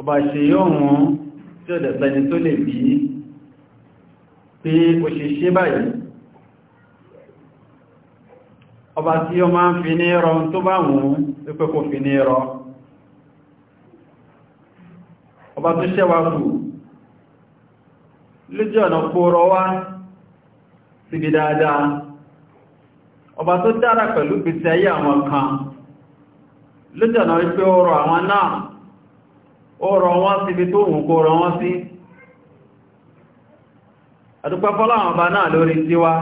ọba ṣe yóò wọ́n tí ó dẹ̀sẹni tó lè bí pé ó ṣe ṣe báyìí ọba tí ó máa ń fi ní ẹrọ tó bá wùn wípé kò fi ní ẹrọ ọba tó ṣẹ́wà kù lójú ọ̀nà kóòrọ wá síbi dáadáa ọba tó dára pẹ̀lú pèsè ayé àwọn kan lójú ọ̀nà wípé ọrọ̀ àwọn náà ó rọ wọ́n sí ibi tó wùn kó rọ wọ́n sí àdúpẹ́ àwọn ọba náà lórí tiwa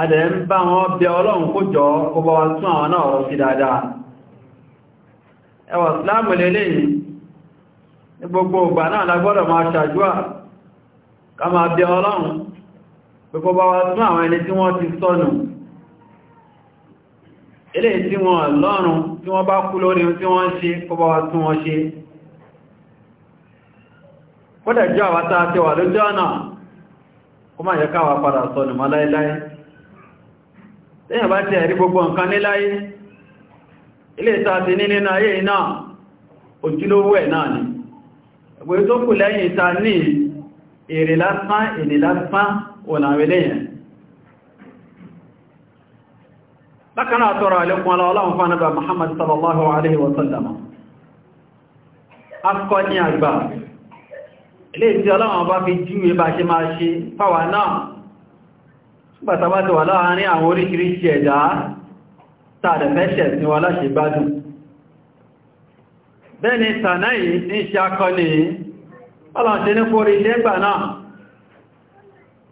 adẹ̀ ń bá wọn bẹ ọlọ́run kó jọ kó bá tún àwọn náà rọ sí dáadáa ẹwà ìsìláàmù lélẹ́yìn ní gbogbo ìgbà náà lágbọ́dọ̀ máa ṣàdúà ká máa bẹ ọlọ́run ti sọnù tí wọ́n lọ́rùn tí wọ́n bá kú lórí tí wọ́n ṣe kódà jọ àwátá àti wà lójú ọ̀nà kó máa yẹ káwà padà sọnù mọ́ láíláí lẹ́yìn bá ti ẹ̀rí gbogbo nǹkan níláyé ilé ìta ti ní nínú ayé iná ojúlówó ẹ̀ náà ni ẹgbẹ̀ tó kù lẹ́yìn ìta ní èrè lásán èdè lásán ọ̀nà àwẹ́lẹ́yìn lákanáà tọrọ àlékún aláwọ̀láwọ̀ fánàbà Muhammad sallallahu alaihi wasallam akọni àgbà ilé tí ọlọ́run bá fi júwe bá ṣe máa ṣe fáwà náà ṣùgbàtà bá ti wà láàárín àwọn oríṣiríṣi ẹ̀dá tààdẹ̀ fẹ́ṣẹ̀ sí wọn láṣẹ gbádùn bẹ́ẹ̀ni tànà ní ṣe akọni ọlọ́run ṣe ní kórí iṣẹ́ gbà náà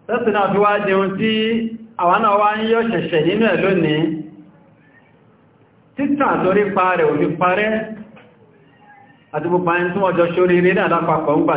tẹ́sìnà fi wá tí àwọn náà pa ṣorí rí náà lápapọ̀ ń gbà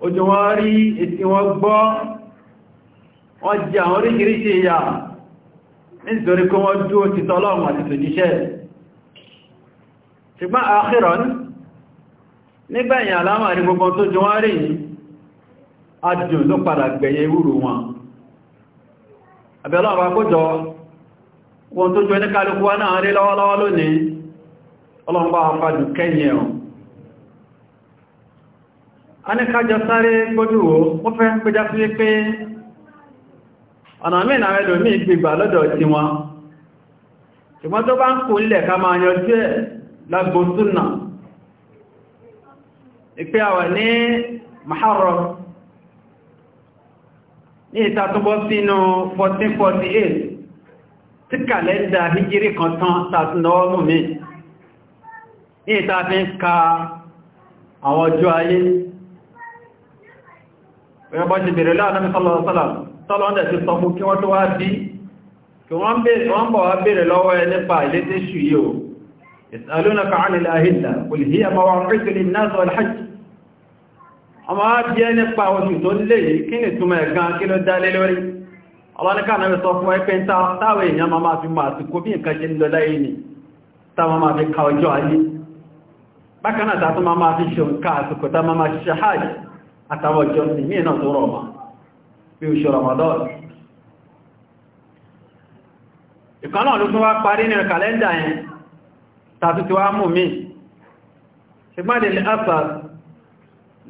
ojú wọn rí etí wọn gbọ́ wọn jẹ àwọn oríṣiríṣi ìyà nítorí kó wọ́n dúó ti tọ́lọ́run àti tòjíṣẹ́ ṣùgbọ́n àkírọ̀n nígbẹ̀yìn alámàrí gbogbo tó jù wọ́n rí adùn ló padà gbẹ̀yẹ ìwúrù wọn àbẹ̀lọ́ wọn tó E a ní kájọ sáré gbójú wo wọ́n fẹ́ ń péjá sí pé ọ̀nà mìíràn rẹ̀ lòmí gbígbà lọ́dọ̀ tí wọn ṣùgbọ́n tó bá ń kò nílẹ̀ ká máa yọjú ẹ̀ lágbó súnà ìpé àwà ní Muharram ní ìtàtúbọ́ sínú 1448 tí kàlẹ́ndà hijiri kan tán tàtúndọ́wọ́ mú mi ní ìtàfin ka àwọn ọjọ́ ayé wọ́n bá ṣe bèèrè láàrín sọ́lọ́sọ́lá sọ́lọ́ndẹ̀ ti sọ fún kí wọ́n tó wá bí kí wọ́n bọ̀ wá bèèrè lọ́wọ́ ẹ nípa ìlétẹ́ ṣù yíò ìsàlónàkà ánìlá ahìlá olùhíyà ma wọ́n rí sílé náà sọ alhaji ọmọ wá bí ẹ nípa oṣù tó lè yìí kí ni túnmọ̀ ẹ̀gán kí ló dá lé lórí ọlọ́nìká náà sọ fún ẹgbẹ́ táwẹ̀ èèyàn máa fi máa ti ṣe ń lọ láyé ni máa máa fi ṣe nǹkan àtàwọn ìjọsìn mí náà tó rọ̀mà bí oṣù Ramadan ìkan ló tún wá parí ní kàlẹ́ndà yẹn tàbí tí wá mú mi ṣùgbọ́n lè ápà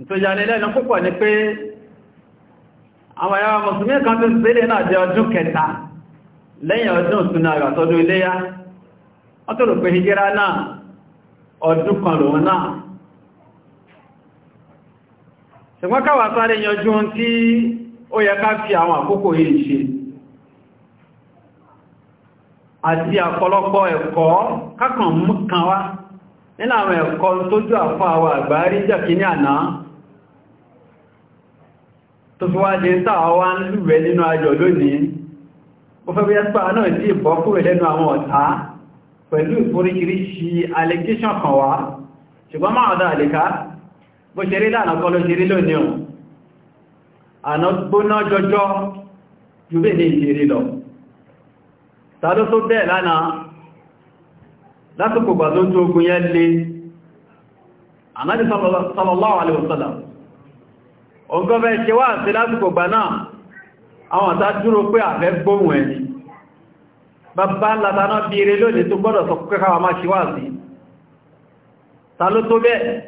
tó yàní lẹ́nu púpọ̀ pé àwọn mùsùlùmí kan tó sílé náà jẹ ọdún kẹta lẹ́yìn ọdún ìtúnà àgbàtọ́dún iléyá wọ́n tó rò pé ṣùgbọ́n káwà sáré yanjú tí ó yẹ ká fi àwọn àkókò yìí ṣe àti àpọ̀lọpọ̀ ẹ̀kọ́ kákan mú kan wá nínú àwọn ẹ̀kọ́ tójú àfá àwọn àgbárí jẹ́kì ní àná tó fi wá jẹ́ tàà wá ń lúwẹ̀ nínú ayọ̀ lónìí ó fẹ́ bíyẹ́ pàá náà sí ìbọ́kúrò lẹ́nu àwọn ṣùgbọ́n máa ọ̀dá àlèká bó ṣe rí lánàá kọ́ ló ṣe rí lónìí ọ̀ àná gbóná jọjọ́ ju bí ní ìṣeré lọ tàbí tó bẹ́ẹ̀ lánàá lásìkò gbà tó tó ogun yẹn lé ànábì sallallahu alaihi wasallam ọgọ́fẹ́ ṣe wá sí lásìkò gbà náà àwọn àtà dúró pé bàbá látàná bí ire tó gbọ́dọ̀ sọ kẹ́kàwà máa ṣe sí ta ló tó bẹ́ẹ̀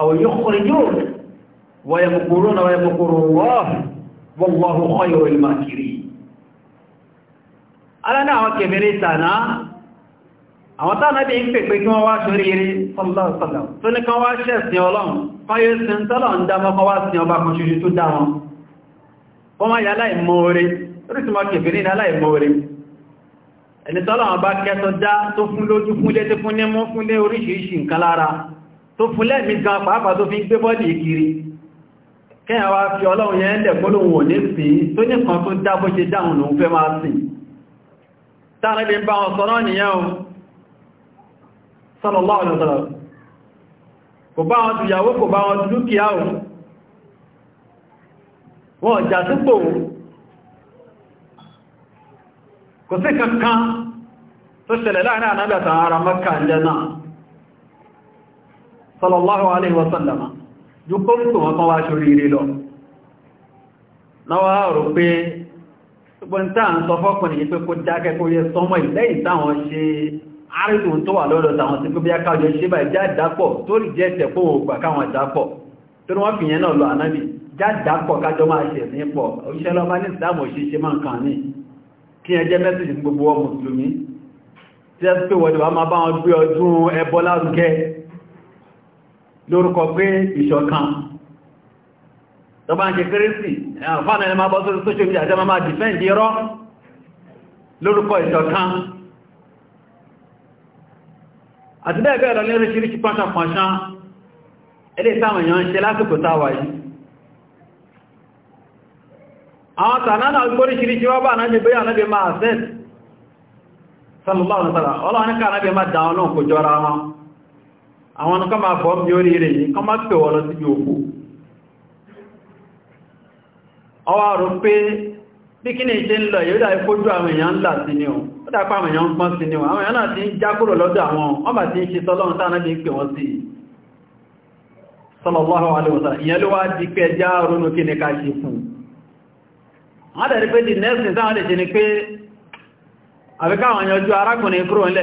أو يخرجون ويمكرون ويمكر الله والله خير الماكرين ألا نعوى كبيري سانا àwọn tánà bí ń pèpè kí wọ́n wá ṣorí eré sọ́lọ́sọ́lọ́ tó ní kan wá ṣẹ̀sìn ọlọ́run fáyé sí ń tọ́lọ̀ ń dámọ́ kan wá sí ọba kan ṣoṣo tó dá wọn wọ́n má yà láìmọ́ore orísìmọ́ kèfèrí ní aláìmọ́ore ẹni tọ́lọ̀ tó fún lẹ́mí gan pàápàá tó fi ń gbé bọ́dì ìkiri kẹ́yàn wá fi ọlọ́run yẹn lẹ̀ kó lóhun ò ní sí tó ní kan tó dá bó ṣe dáhùn lòun fẹ́ máa sìn tààrẹ bí bá wọn sọ́rọ̀ nìyẹn o sallallahu alaihi wasallam kò bá wọn tùyàwó o wọ́n jà sípò kò sí kankan tó ṣẹlẹ̀ láàrin sallallahu alaihi wasallama ju kó ń tó wọn kan wá ṣorí ire lọ náwà rò pé gbọ́n tàà ń sọ fọ́kùnrin pé kó dákẹ́ kó yẹ sọmọ ìlẹ́yìn táwọn ṣe àrídùn tó wà lọ́dọ̀ kájọ máa ṣẹ̀ ní pọ̀ òṣìṣẹ́ ní ìsìlámù òṣìṣẹ́ máa ń kàn ní kí ẹ jẹ́ gbogbo ọmọ mùsùlùmí tí ẹ pé wọ́n ti wá máa bá wọn gbé ọdún ẹbọ lórúkọ pé ìṣọ̀kan tó bá ń ṣe kérésì fánà ẹni máa bọ́ sórí social media jẹ́ máa dìfẹ́ǹdì rọ́ lórúkọ ìṣọ̀kan àti bẹ́ẹ̀bẹ́ẹ̀ lọ léríṣiríṣi pánṣánpánṣán ilé ìsáwọn èèyàn ń ṣe lásìkò táwà yìí àwọn tànánà gbóríṣiríṣi wọ́bà náàbí bóyá náàbí máa sẹ́ẹ̀tì sallallahu alaihi wasallam ọlọ́run ká náàbí máa dáwọn náà kò jọra wọn àwọn kan máa bọ́ bí orí rẹ̀ yìí kan máa pẹ̀ wọ́lọ síbi òkú ọwá rò pé bí kí ní ṣe ń lọ yóò dáa ìfójú àwọn èèyàn ńlá sí ni ọ̀ ó dápá àwọn èèyàn ń pọ́n sí ni ọ̀ àwọn èèyàn náà ti ń já alaihi wasallam ìyẹn ló wá di pé ẹjá ronú kí ní ká ṣe fún wọ́n dẹ̀ rí pé di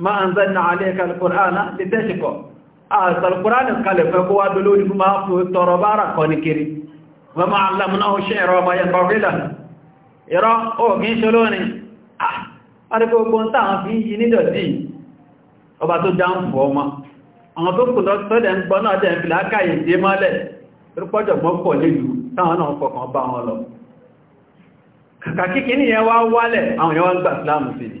ma anzalna alayka alqur'ana litashqa alqur'ana kalẹ̀ fẹ́ kó wá dolo ni ma fu tọrọ bara kon kiri wa ma allamnahu shi'ra ma yanbagila ira o kin soloni ah are ko kon ta fi yi ni do di ọba tó dan fo ma àwọn tó kun do so den gbo na den fila kaye de male rupojo mo ko le du ta na ko kan bá wọn lọ kàkà kikini yẹn wá wálẹ̀ àwọn yẹn wá gba islam sí ni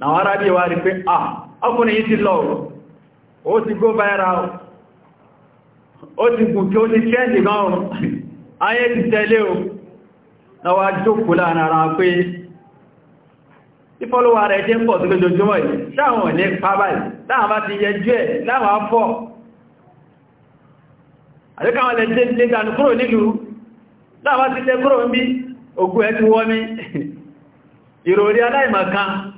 àwọn arábí wa rí pé ah ọkùnrin yìí ti lọ ó ti go viral ó ti gùn kí ó ti kẹ́ẹ̀lì gan ọ̀rùn ayé ti tẹ́lé o na wá jókòó láàrin ara pé tí fọ́lọ́wà rẹ̀ jẹ́ pọ̀ tó lójoojúmọ́ yìí sáwọn ní pàbáyì láwọn bá ti yẹjú ẹ̀ láwọn afọ́ àríkàwọn lè dé lè dànù kúrò nílùú láwọn bá ti lè kúrò ń bí ògùn ẹ ti wọ́ mi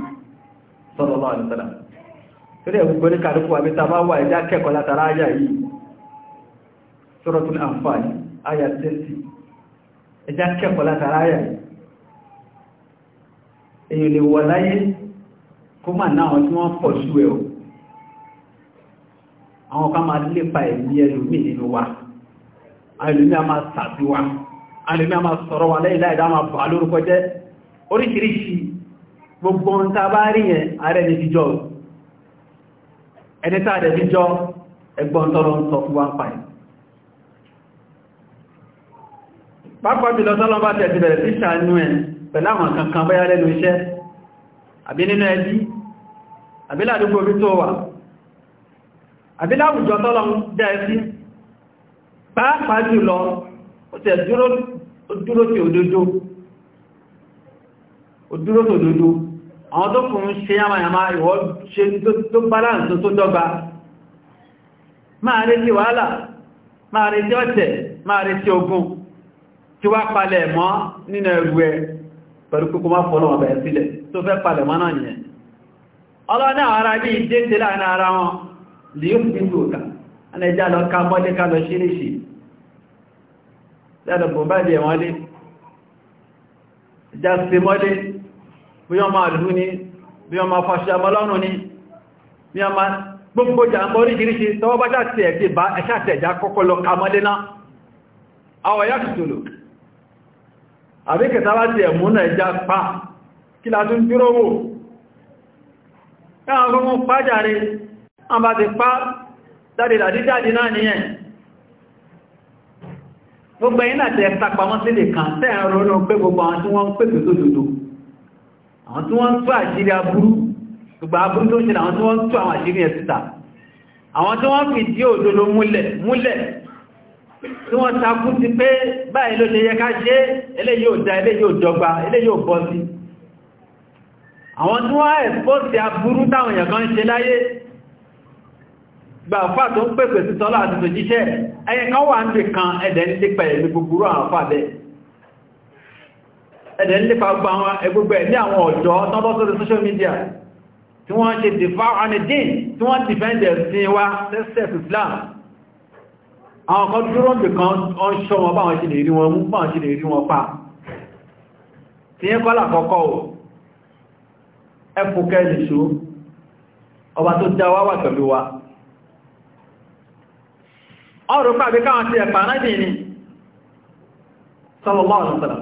sọ́lọ́lọ́ àdìsọ́lá torí ẹ̀gbogbo ní kàrùkù àmì tàbá wà ẹ̀dá kẹ́kọ̀ọ́ látara ayà yìí Suratul Anfal ayà 20 ẹ̀dá kẹ́kọ̀ọ́ látara ayà yìí èyí lè wọ láyé kó mà náà tí wọ́n pọ̀ sú ẹ̀ o àwọn kan máa lépa ẹ̀mí ẹlòmí nínú wa ẹlòmí a máa sàbí wa ẹlòmí a máa sọ̀rọ̀ wa lẹ́yìn láìdá máa bà lórúkọ jẹ́ oríṣiríṣi gbogbo ń ta bá rí yẹn ààrẹ ní fíjọ́ ẹni tààrẹ fíjọ́ ẹgbọ́n tọ́rọ ń sọ fún wá ń pàì pápá jùlọ tọ́lọ bá tẹ̀ ti bẹ̀rẹ̀ sí ṣàánú ẹ̀ pẹ̀láwọn kankan báyá lẹ́nu iṣẹ́ àbí nínú ẹbí àbí ládúgbò orí tó wà àbí láwùjọ tọ́lọ ń sí pápá jùlọ ó tẹ̀ dúró tí òdodo àwọn tó kùn ń ṣe yamayama ìwọ ṣe tó balance tó dọ́gba máa retí wàhálà máa retí ọ̀tẹ̀ máa retí ogun tí wá palẹ̀ mọ́ nínú ẹrù ẹ pẹ̀lú kókó má fọ́nà ọ̀bẹ̀ sílẹ̀ tó fẹ́ palẹ̀ mọ́ náà nìyẹn ọlọ́nà ara bí ìdé tí láàrin ara wọn lè yóò fi ń lòdà ẹnẹjá lọ ká mọ́lé ká lọ ṣíríṣì lẹ́dọ̀bùn já sí mọ́lé bí wọ́n máa lù ní bí wọ́n máa fàṣẹ ọmọlọ́nù ní bí wọ́n máa gbogbo jàmbá oríṣiríṣi tọwọ́ bá ṣàtẹ̀ ẹ̀kẹ́ bá ẹ̀ṣàtẹ̀já kọ́kọ́ lọ kamọ́léná àwọ̀ ya tùtùlù àbíkẹta láti ẹ̀mú náà já pa kí látún dúró wò ẹ̀hàn ọgbọ́n pàjáre wọ́n bá ti pa jáde dàdíjáde náà nìyẹn gbogbo ẹ̀yìn láti ẹ̀ àwọn tí wọ́n ń tú àṣírí aburú gbogbo aburú tó ń ṣe àwọn tí wọ́n ń tú àwọn àṣírí ẹ̀ síta àwọn tí wọ́n fi tí òdodo múlẹ̀ múlẹ̀ tí wọ́n takú ti pé báyìí ló lè yẹ ká ṣe eléyìí ò dá eléyìí ò dọ́gba ẹ̀dẹ̀ nípa gba àwọn ẹgbogbo ẹ̀ ní àwọn ọ̀dọ́ tọ́bọ́ sórí social media tí wọ́n ṣe dìfá ọ̀nìdín tí wọ́n dìfẹ́ndẹ̀ sí wá lẹ́sẹ̀sì Islam àwọn kan dúró nìkan ọ́n ṣọ́ wọn báwọn ṣe lè rí wọn mú báwọn ṣe lè rí wọn pa tí yẹn kọ́lá kọ́kọ́ ò ẹkùnkẹ́ nìṣó ọba tó dá wá wà pẹ̀lú wa ọrùn pàbí káwọn ti ẹ̀pà náà dì ní sallallahu alaihi wasallam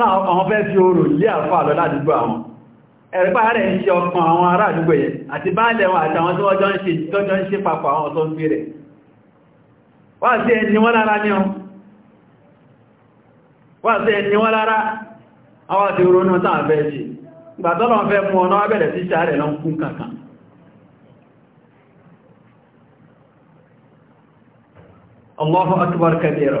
àwọn fẹ́ fi oòrùn lé àfà lọ ládùúgbò àwọn ẹ̀rẹ́pá rẹ̀ ń ṣe ọkàn àwọn ará àdúgbò yẹn àti báálẹ̀ wọn àti àwọn tí wọ́n jọ ń ṣe tọ́jọ́ ń ṣe papọ̀ àwọn ọ̀tọ́ ń fi rẹ̀ wà sí ẹni wọ́n lára ní ọ wà sí ẹni wọ́n lára àwọn àti ronú tàà fẹ́ ṣe gbàtọ́lọ̀ fẹ́ mú ọ̀nà abẹ̀rẹ̀ sí ṣàárẹ̀ lọ ń kún akbar kabira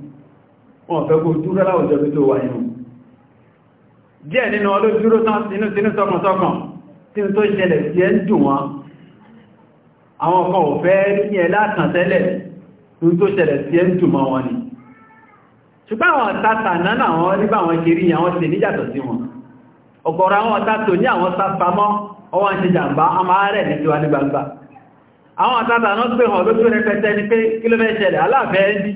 wọn fẹ́ kó dúró láwùjọ bí tó wà inú díẹ̀ nínú olójúró tán sínú sínú sọ́kànsọ́kàn tí tó ṣẹlẹ̀ sí ẹ́ ń dùn wọn àwọn kan ò fẹ́ ní ẹ látàn tẹ́lẹ̀ tí tó ṣẹlẹ̀ sí ẹ́ ń dùn mọ́ wọn ni ṣùgbọ́n àwọn tàtà náà àwọn rí bá wọn ṣe rí àwọn ṣe níjàtọ̀ sí wọn ọ̀gọ̀rọ̀ àwọn tàtò ní àwọn sápamọ́ ọwọ́n ṣe jàǹbá a náà pé hàn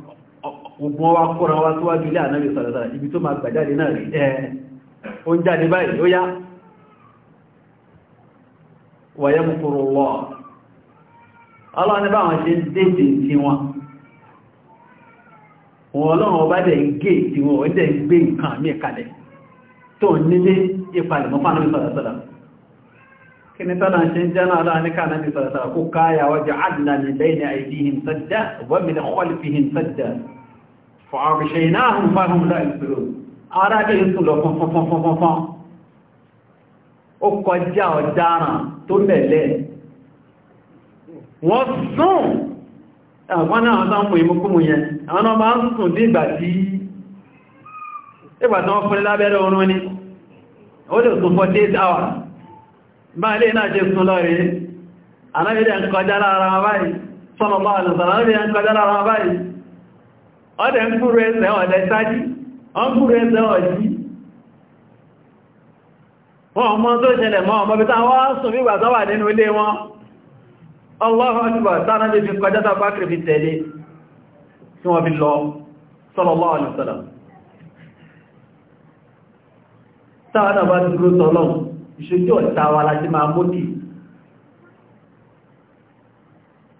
gbogbo wa kọ́ra wá síwájú ilé ànábì sàrẹ̀sára ibi tó máa gbàjáde náà rí ẹ̀ o ń jáde báyìí ó yá wàyẹ́ mú kúrò wọ́ ọlọ́run bá wọn ṣe dédé tí wọn wọn ọlọ́run ọba dẹ̀ ń gé tí wọn ó dẹ̀ ń gbé nǹkan mí kalẹ̀ tó ń nílé ìpalẹ̀mọ́ fánàbí sàrẹ̀sára kini tana shin jana da ni kana ni sarata ku kaya waje adna min bayni aydihim sadda wa min khalfihim sadda fọ̀ọ̀rùṣẹ́ iná àrùn fáhùn láì pẹ̀lú ara lè ń sùn lọ fọ́nfọ́nfọ́nfọ́n ó kọjá ọ̀daràn tó lẹ̀lẹ́ wọ́n sùn àwọn náà tán mú ìmúkúmù yẹn àwọn náà máa ń sùn dí ìgbà tí ìgbà tán fún lábẹ́rẹ́ oorun ni ó lè sùn for 8 hours bá ilé náà jẹ́ sùn lọ́rẹ̀ẹ́ anábẹ́rẹ́ ń kọjá lára báyìí sọ́nà bá àlùsànà ọdẹ ń kúrò ẹsẹ̀ ọdẹ sáájì ọ ń kúrò ẹsẹ̀ ọjí wọn ọmọ tó ṣẹlẹ̀ mọ́ ọmọ bí táwọn sùn fígbà tó wà nínú ilé wọn ọlọ́rọ̀ ọjọ́ sára lè fi kọjá tàbá kìrìbì tẹ̀lé tí wọ́n fi lọ sallallahu alaihi wasallam sára bá dúró tọ́lọ́ ìṣojú ọ̀ta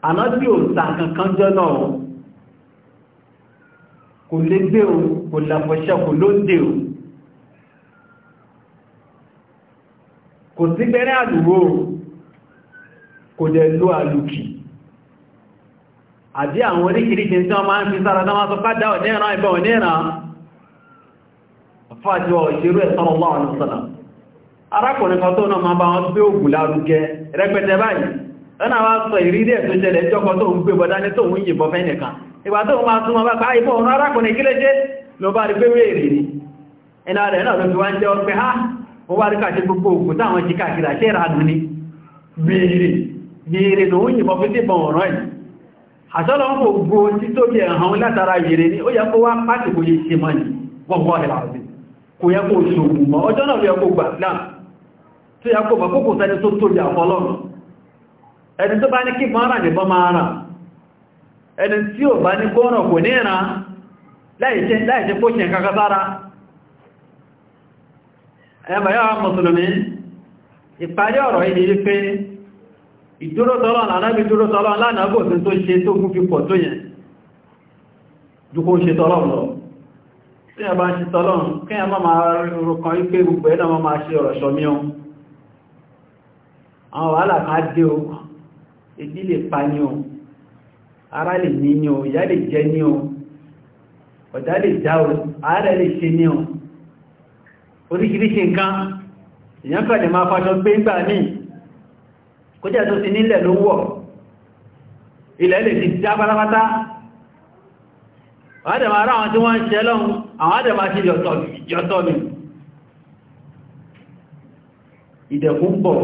àná tí ò ta kankan náà kò lè gbé o kò làfọ̀ṣẹ́ kò ló ń dè o kò sí gbẹ́rẹ́ àlùwò kò dẹ̀ ló àlùkì àbí àwọn oríkìríkì tí wọ́n máa ń fi sára náà sọ pádà ọ̀nẹ́ran ìbọn ọ̀nẹ́ran fàájọ ìṣerú ẹ̀sọ́rọ̀ lọ́wọ́ àlùsọ̀nà arákùnrin kan tó náà ìgbà tó máa tún wọn bá pa ara ọ̀nà arákùnrin kí ló bá rí pé wéèrè ní ẹ̀nà rẹ̀ ń ha ó wá rí káàkiri gbogbo yìnbọn fún síbọn ọ̀rọ̀ yìí àṣọ́lọ́ ń gbogbo títóbi ẹ̀hàn látara ó yẹ kó wá ṣe mọ́ni kò yẹ kó ṣògùn mọ́ ọjọ́ náà yẹ ẹni tí ò bá ní gbọ́nà kò ní ìran láìṣẹ́ pó ṣe kankan sára ẹmà yáwa mùsùlùmí ìparí ọ̀rọ̀ ìdí wípé ìdúró tọ́lọ́ lànàbí dúró tọ́lọ́ tó ṣe tó gúnfi pọ̀ tó yẹn dúkó a bá ń a kan àwọn wàhálà kan dé èdí lè pa ní ohun ara lè ní ní o ìyá lè jẹ ní o ọ̀dá lè já o ààrẹ lè ṣe ní o oríṣiríṣi nǹkan èyàn kọ̀ lè máa fàṣọ gbé gbà ní kójá tó ti nílẹ̀ ló wọ̀ ilẹ̀ lè ti já pátápátá àwọn àdẹ̀mà ara àwọn tí wọ́n ń ṣe lọ́hun àwọn àdẹ̀mà ti yọ̀tọ̀ mi ìdẹ̀kùn bọ̀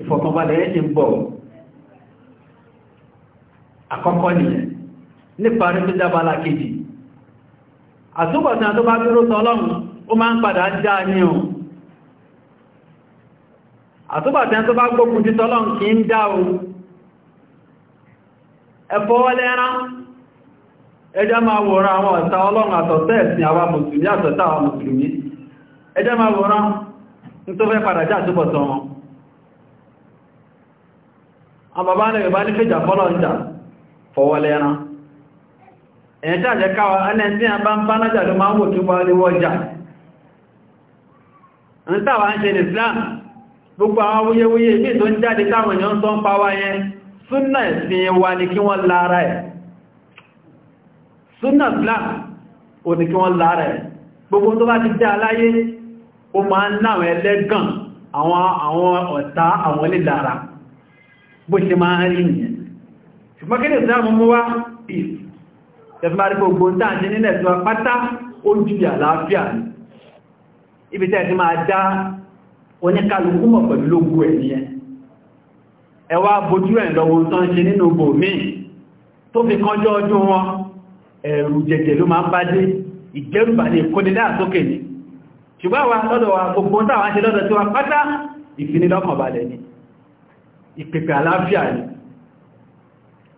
ìfọ̀kànbalẹ̀ ẹ̀ ti ń bọ̀ àkọ́kọ́ nìyẹn nípa rí tó jábálá kejì àtúbọ̀tán tó bá dúró tọ́lọ́run ó máa ń padà já ní o àtúbọ̀tán tó bá gbókun ti tọ́lọ́run kì ń dá o ẹ̀fọ́wọ́lẹ́rán ẹjá máa wòrán àwọn ọ̀tá ọlọ́run àtọ̀tẹ́ ẹ̀sìn àwa mùsùlùmí àtọ̀tá àwa mùsùlùmí ẹjá máa wòrán ní tó fẹ́ padà àtúbọ̀tán wọn fọwọ́lẹ́ran ẹ̀yẹn tí àjẹ́ káwà ẹni a bá ń bá nájà ló máa ń wò kí wọ́n lè wọ́jà ń tàwà ń ṣe Islam gbogbo àwọn wúyewúye ní tó ń jáde táwọn èèyàn tó ń pa wá yẹn súnà ìsìn wa ni kí wọ́n lára ẹ̀ súnà Islam ò ní kí wọ́n lára ẹ̀ gbogbo tó bá ti dá aláyé ó máa ń náwọn ẹlẹ́gàn àwọn ọ̀tá àwọn lè lára bó ṣe máa ń rí ṣùgbọ́n kí ní ìsìlámù mú wá peace tẹ̀fìmárí gbogbo ń tàà ní nílẹ̀ tí wọ́n pátá ó jùlẹ̀ àlàáfíà ní ibi tẹ́ ti máa dá oníkàlùkù mọ̀ pẹ̀lú lógún ẹ̀ ní ẹ wá bójú ẹ̀ lọ́wọ́ tó ṣe nínú bò míì tó fi kánjọ́ ọdún wọn ẹ̀rù jẹ̀jẹ̀ ló máa ń bá dé ìgbẹ́rùbà ní àtókè ní ṣùgbọ́n wa lọ́dọ̀ wa gbogbo táwọn ṣe lọ́dọ̀ tí wa pátá ìfinilọ́kànbalẹ̀ ni ìpèpè àlàáfíà ni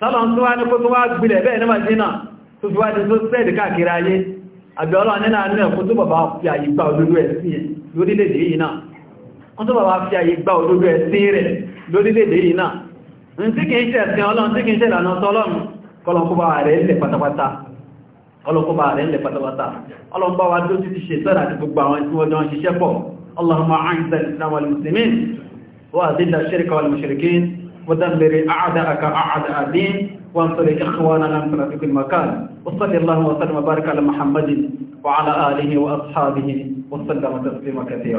sọ́lọ̀n tó wá ní kó tó wá gbilẹ̀ bẹ́ẹ̀ ní Madina tó fi wá di tó sẹ́ẹ̀dì káàkiri ayé àgbẹ̀ọ́lọ́ nínú àánú ẹ̀kú tó bàbá fi àyè gba olódó ẹ̀sìn rẹ̀ lórílẹ̀-èdè yìí náà wọ́n tó bàbá fi àyè gba olódó ẹ̀sìn rẹ̀ lórílẹ̀-èdè yìí náà ń tí kìí ṣe ẹ̀sìn ọlọ́run tí kìí ṣe ìlànà tọ́lọ́run kọlọ̀kọ́bà rẹ̀ ńlẹ̀ pátápátá ọlọ́kọ́bà rẹ̀ wa tó ti ṣe ودمر أعداءك أعداء الدين وانصر إخواننا في كل مكان وصلى الله وسلم وبارك على محمد وعلى آله وأصحابه وسلم تسليما كثيرا